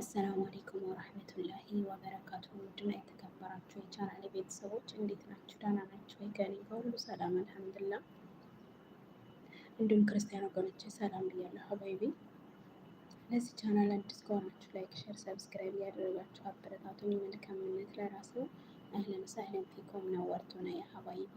አሰላሙ አሌይኩም ወራህመቱላሂ ወበረካቱ። ውድና የተከበራችሁ የቻናሌ ቤተሰቦች እንዴት ናችሁ? ደህና ናችሁ ወይ? ከእኔ ጋር ሁሉ ሰላም አልሐምዱሊላህ። እንዲሁም ክርስቲያን ወገኖች ሰላም ብያለሁ። ሀባይቢ ለዚህ ቻናል አዲስ ከሆናችሁ ላይክ፣ ሼር፣ ሰብስክራይብ እያደረጋችሁ አበረታቱኝ። መልካምነት ለራስ ነው። አህለን ሳህለን ፊኩም ነው የሀባይቢ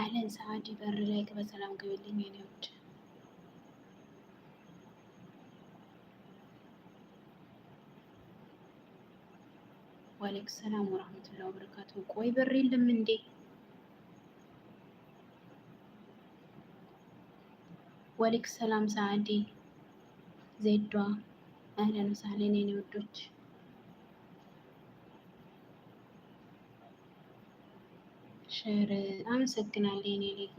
አህለን ሰአድ በር ላይ በሰላም ግብልኝ ኔዎች ዋሌክ ሰላም ወራህመቱላሂ ወበረካቱ። ቆይ በር የለም እንዴ? ዋሌክ ሰላም ሰዓዲ ዜዷ አህለን ሳሌን ኔ ውዶች ሸር አመሰግናለሁ የኔ ልዩ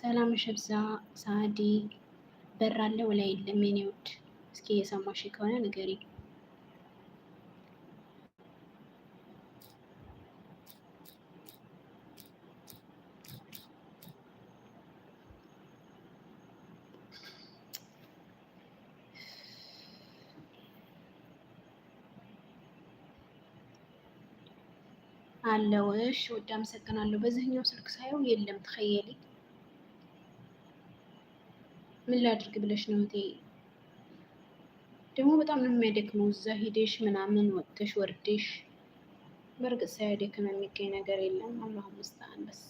ሰላም ሽብዛ ሳዲ በራለ ወላይ ለሚኒውድ እስኪ የሰማሽ ከሆነ ንገሪ። አለው። እሺ ወደ አመሰግናለሁ። በዚህኛው ስልክ ሳየው የለም ተኸየሊ ምን ላድርግ ብለሽ ነው እቴ? ደግሞ በጣም ነው የሚያደክመው እዛ ሂደሽ ምናምን ወጥተሽ ወርደሽ። በእርግጥ ሳያደክም የሚገኝ ነገር የለም። አላሁ ሙስተዓን በስ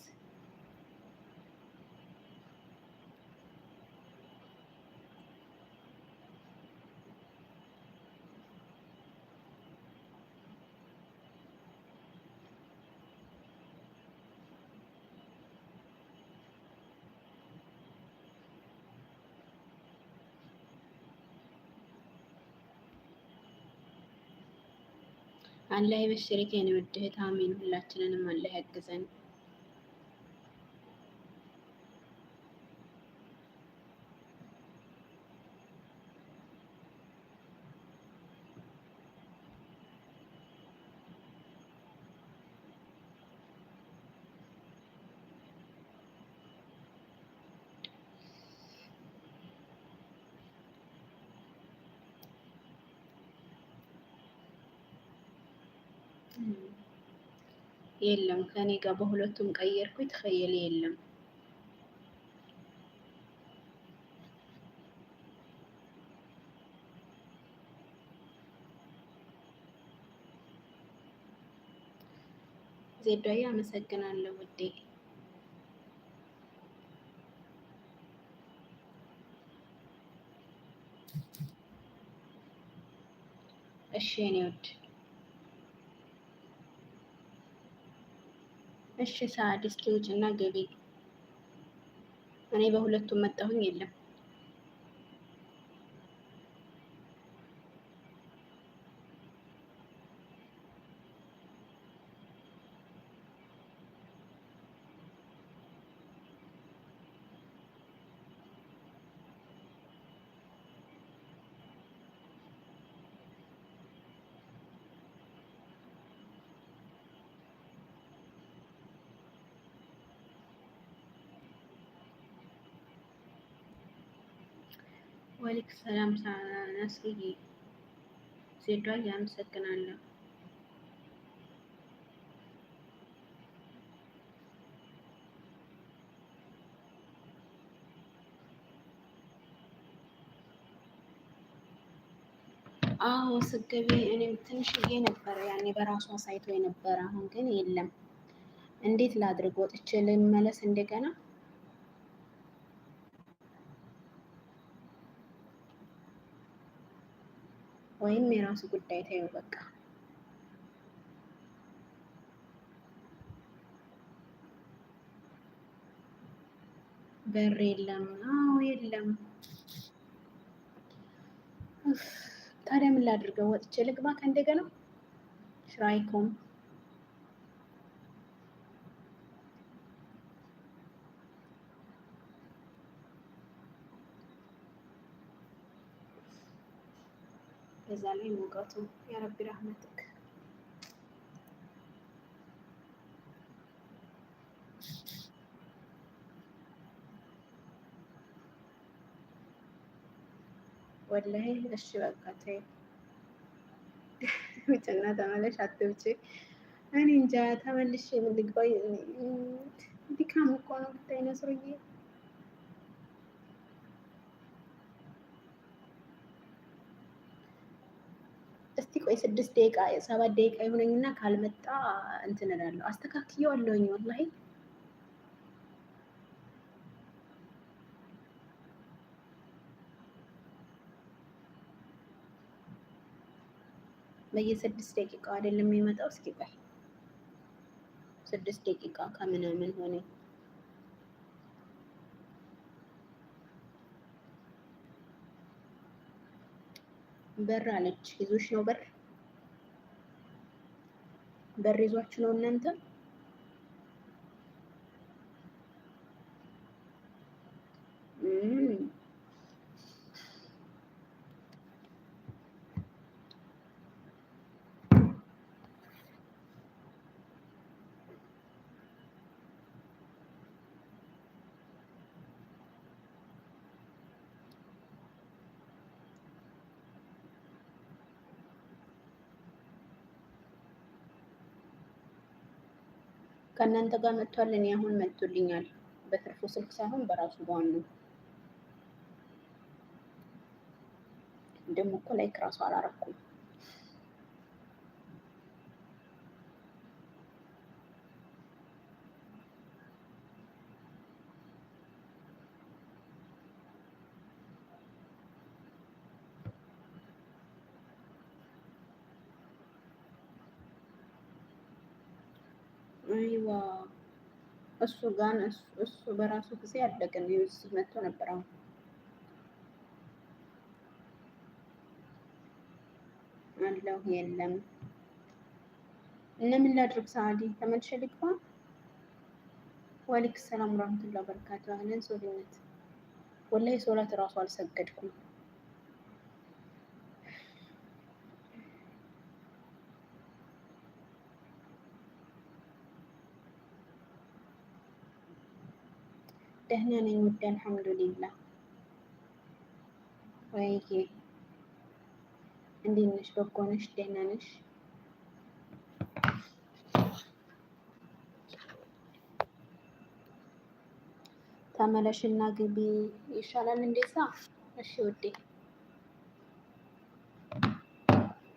አላህ የበሽሪክ የኔ ወድ እህት አሜን። ሁላችንንም አላህ ያግዘን። የለም ከኔ ጋር በሁለቱም ቀየርኩኝ። ተኸየል የለም ዜዳዬ አመሰግናለሁ ውዴ። እሺ እኔ ውድ እሺ ሰአድ እስኪ ውጭና ገቢ እኔ በሁለቱም መጣሁኝ የለም ወሊክ ሰላም ሳናስዬ ዜዷ ያመሰግናለሁ። አዎ ስገቢ እኔም ትንሽዬ ነበረ ያኔ በራሱ አሳይቶ የነበረ አሁን ግን የለም። እንዴት ላድርግ? ወጥቼ ልመለስ እንደገና ወይም የራሱ ጉዳይ ታዩ በቃ በር የለም። አዎ የለም። ታዲያ ምን ላድርገው? ወጥቼ ልግባ ከእንደገና ሽራይኮም በዛ ላይ ሙቀቱ ያረቢ ረህመትክ ወላሂ እሺ በቃ ተይ ውጭና ተመለሽ አትውጪ እኔ እንጃ ተመልሼ ምን ልግባ ድካም እኮ ነው ብታይ ነስሩዬ እስቲ ቆይ ስድስት ደቂቃ ሰባት ደቂቃ የሆነኝና ካልመጣ እንትን እላለሁ። አለውኝ ወላሂ በየስድስት ደቂቃ አይደለም የሚመጣው። እስኪ ቆይ ስድስት ደቂቃ ከምናምን ሆነኝ በር አለች። ይዞች ነው በር በር ይዟችሁ ነው እናንተ ከእናንተ ጋር መጥቷል። እኔ አሁን መጥቶልኛል። በትርፎ ስልክ ሳይሆን በራሱ በዋኑ ደግሞ እኮ ላይክ ራሱ አላረኩም። አይዋ እሱ ጋር እሱ በራሱ ጊዜ አለቀን። ዩስ መጥቶ ነበር። አሁን አለሁ የለም። እና ላድርግ ሰዓዲ ተመልሼ ልግባ? ወአለይኩም ሰላም ወራህመቱላሂ ወበረካቱ። አህለን ሶላት ወላሂ ሶላት እራሱ አልሰገድኩም። ደህና ነኝ ውድ አልሐምዱሊላ። ወይዬ እንዴት ነሽ? በጎ ነሽ? ደህና ነሽ? ተመለሽና ግቢ ይሻላል። እንዴሳ እሺ ውዴ